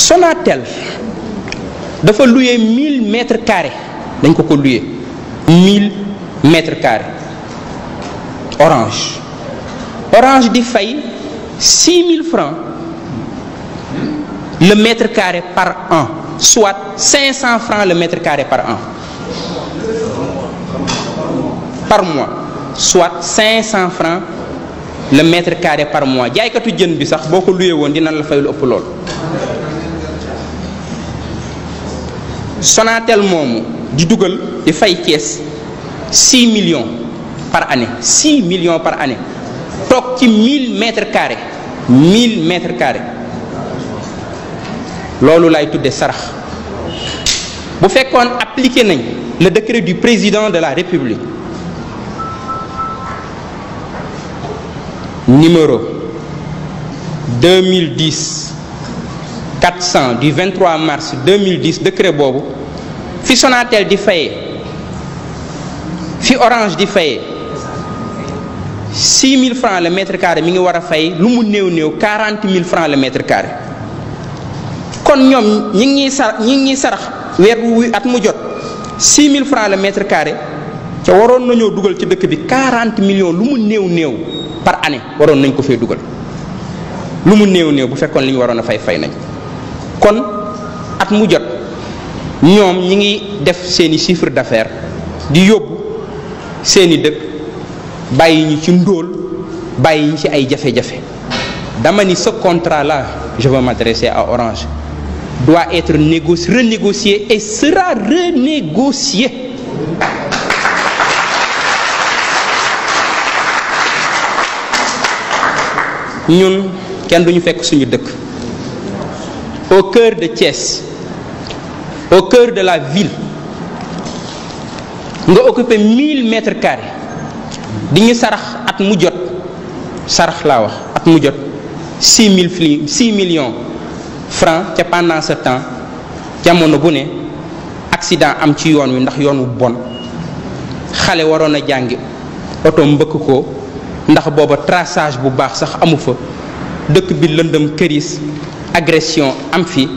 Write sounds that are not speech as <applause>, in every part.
Sonatel dafa loué 1000 mètres carré dañ ko ko loué 1000 mètres carré orange orange di fay mille francs le mètre carré par an soit 500 francs le mètre carré par an par mois soit 500 francs le mètre carré par mois jaaykatu jën bi sax boo ko loué woon dina la fay lu ëpp loolu Sonatel moomu di dugal di fay Thiès 6 million par année 6 million par année toog ci 1000 carré carrés 1000 mètres loolu lay tudde sarax bu fekkoon appliqué nañ le décret du président de la république numéro 2010 400 du 23 mars 2010 décret boobu fi Sonatel di fayee fi Orange di fayee 6000 francs le mètre carré mi ngi war a fay lu mu néew néew 40000 francs le mètre carré kon ñoom ñi ngi ñuy sar ñi ngi ñuy sarax weer wu at mu jot 6000 francs le mètre carré ca waroon nañoo dugal ci dëkk bi 40 millions lu mu néew néew par année waroon nañ ko fee dugal lu mu néew néew bu fekkoon li ñu waroon a fay fay nañ kon at mu jot ñoom ñi ngi def seeni chiffre d'affaires di yóbbu seeni dëkk bàyyi ñu ci ndóol bàyyi ñu ci ay jafe-jafe dama ni ce contrat là je veux à Orange doit être négocié renégocié et sera renégocié ñun kenn duñu fekk suñu dëkk au cœur de Thiès au cœur de la ville nga occupé 1000 mètres di ñu sarax at mu jot sarax laa wax at mu jot 6000 fli 6 millions francs ca pendant ce temps jamono bu ne accident am ci yoon wi ndax yoon wu bon xale waroon a jàngi oto mbëkk ko ndax booba traçage bu baax sax amu fa dëkk bi lëndëm këris agression am fi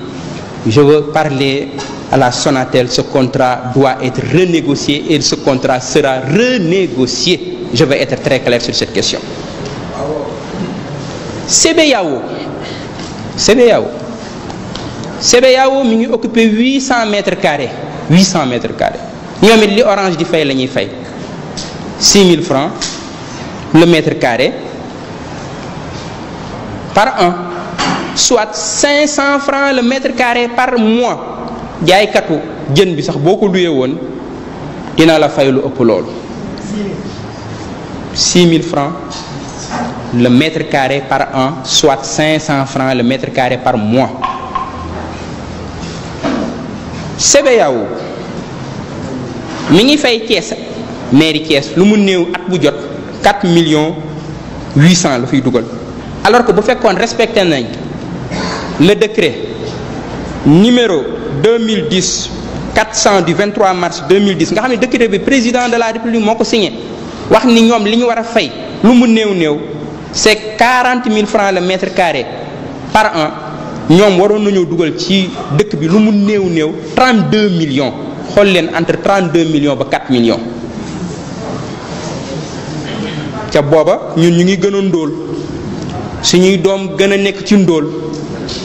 je veux parler à la Sonatel ce contrat doit être renégocié et ce contrat sera renégocié je vais être très clair sur cette question CBAO CBAO CBAO mi ngi occupé 800 mètres carrés 800 mètres carrés ñoom it li orange di fay la ñuy fay 6000 francs le mètre carré par an soit 500 francs le mètre carré par mois jaaykatu jën bi sax boo ko luyee woon dina la fay lu ëpp loolu 6000 francs le mètre carré par an soit 500 francs le mètre carré par mois CBAO mi ngi fay Thiès mairie Thiès lu mu néew at bu jot 4 millions 800 la fiy dugal alors que bu fekkoon respecté nañ le décret numéro 2010 400 du 23 mars 2010 nga xam ne décret bi président de la république moo ko signé wax ni ñoom li ñu war a fay lu mu néew néew c'est quarante mille francs le mètre carré par an ñoom waroon nañoo dugal ci dëkk bi lu mu néew néew 32 millions xool leen entre 32 millions ba 4 millions ca booba ñun ñu ngi gën a ndóol suñuy doom gën a nekk ci ndóol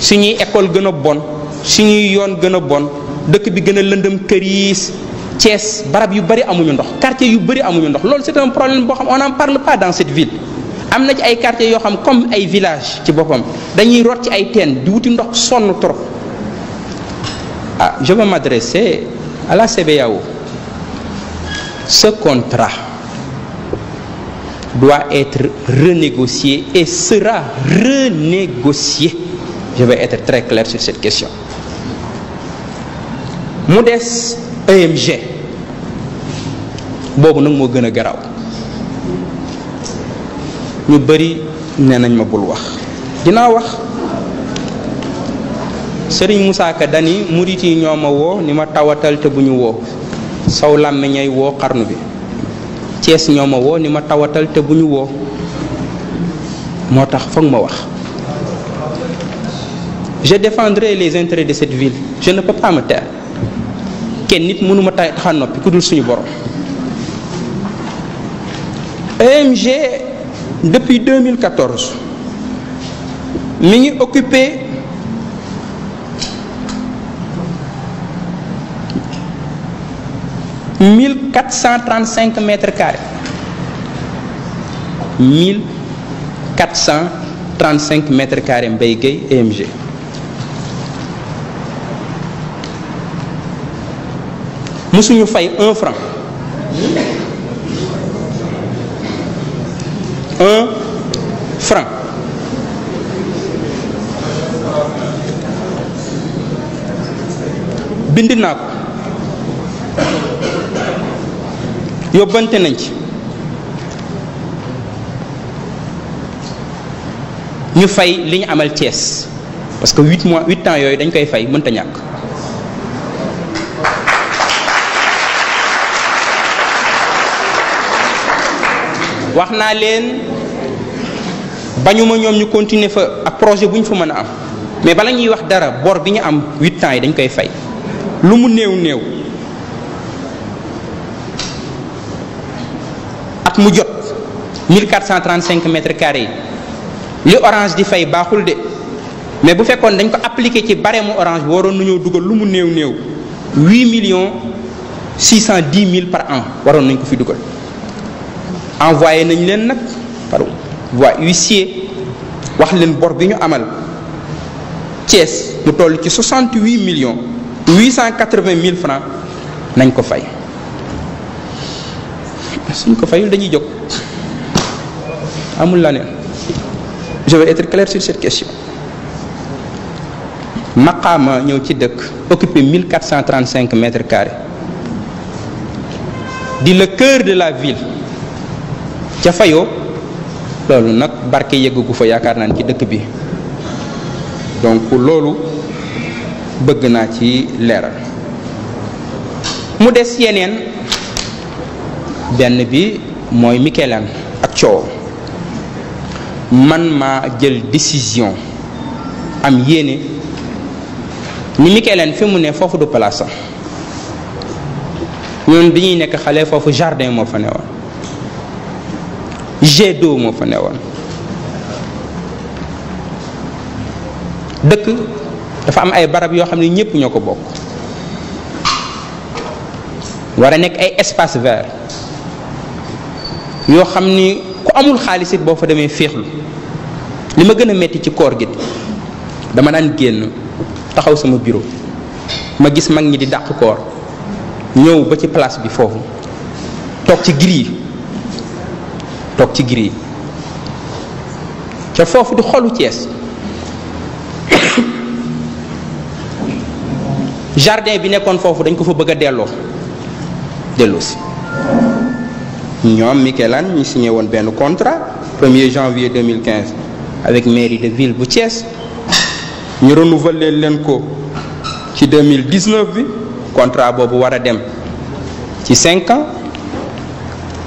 suñuy école gën a bon suñuy yoon gën a bon dëkk bi gën a lëndëm këriis cees barab yu bari amuñu ndox quartier yu bëri amuñu ndox loolu c'est un problème boo xam on n'en parle pas dans cette ville am na ci ay quartiers yoo xam comme ay village ci boppam dañuy rot ci ay teen di wuti ndox sonn trop ah je vais m'adresser à la CBAO ce contrat doit être renégocié et sera renégocié je vais être très clair sur cette question mu des EMG boobu nag moo gën a garaaw ñu bëri ne nañ ma bul wax dinaa wax sëriñ Moussa Ka dani murit ñoo ma woo ni ma tawatal te bu ñu woo saw làmmiñay woo xarnu bi Cees ñoo ma woo ni ma tawatal te bu ñu woo moo tax foog ma wax je défendrai les intérêts de cette ville je ne peux pas me taire kenn nit mënu tax a noppi ku dul suñu borom. EMG depuis 2014 mi ngi occupé mille quatre cent trente cinq mètres carrés mille quatre cent trente cinq mètres car Mbaye Gueye EMG. musuñu fay un franc un franc bind naa ko yóbbante nañ ci ñu fay li ñu amal Thiès parce que huit mois huit ans yooyu dañ koy fay mënta ñàkk wax naa leen bañuma ñoom ñu continuer fa ak projet bu ñu fa mën a am mais bala ñuy wax dara bor bi ñu am huit ans yi dañ koy fay lu mu néew néew at mu jot 1435 mètres carrés yi li orange di fay baaxul de mais bu fekkoon dañ ko appliqué ci barème orange bi waroon nañoo dugal lu mu néew néew 8 millions 610 mille par an waroon nañ ko fi dugal envoyé nañ leen nag par wax leen bor bi ñu amal Thiès mu toll ci 68 millions 880 mille francs nañ ko fay suñ ko fayul dañuy jog amul la neen je vais être clair sur cette question maqaama ñëw ci dëkk mille cent occupé 1435 mètres carré di le cœur de la ville ca fayoo loolu nag barke yëggu fa yaakaar naan ci dëkk bi donc loolu bëgg naa ci leeral mu des yeneen benn bi mooy Mikelaan ak coow man maa jël décision am yéene ni Mikelaan fi mu ne foofu du palaasam ñun bi ñuy nekk xale foofu jardin moo fa ne woon G2 moo fa woon dëkk dafa am ay barab yoo xam ne ñépp ñoo ko bokk war a nekk ay espace vert yoo xam ni ku amul xaalisit boo fa demee féexlu li ma gën a metti ci koor gi dama daan génn taxaw sama bureau ma gis mag ñi di dàq koor ñëw ba ci place bi foofu toog ci gir yi toog ci giri yi ca foofu di xolu Cees <coughs> jardin bi nekkoon foofu dañ ko fa bëgg a delloo delloo ñoom ñoom Mikelan ñu signé woon benn contrat 1er janvier 2015 avec mairie de ville bu Thiès ñu renouveler leen ko ci 2019 bi contrat boobu war a dem ci 5 ans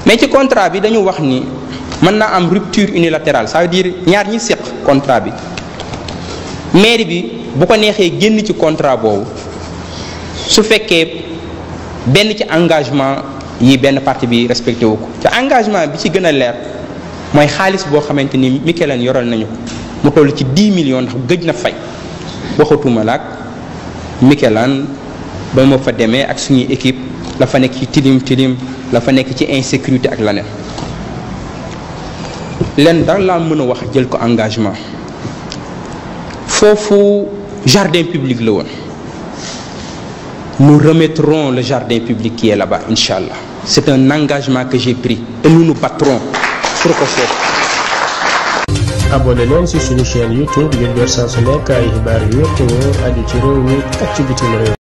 mais ci contrat bi dañu wax ni mën naa am rupture unilatérale ça veut dire ñaar ñi séq contrat bi maire bi bu ko neexee génn ci contrat boobu su fekkee benn ci engagement yi benn parti bi respecté wu ko ci engagement bi ci gën a leer mooy xaalis boo xamante ni Mikeleen yoral nañu ko mu toll ci 10 millions ndax gëj na fay waxatuma laak Mikelaan ba ma fa demee ak suñuy équipe la fa nekk ci tilim tilim la fa nekk ci insécurité ak leneen leen daal la mën a wax jël ko engagement foofu jardin public la woon nous remettrons le jardin public qui est là-bas incha allah c'est un engagement que j'ai pris et nous nous battrons pour ko foofu. su nekk ay yu yëpp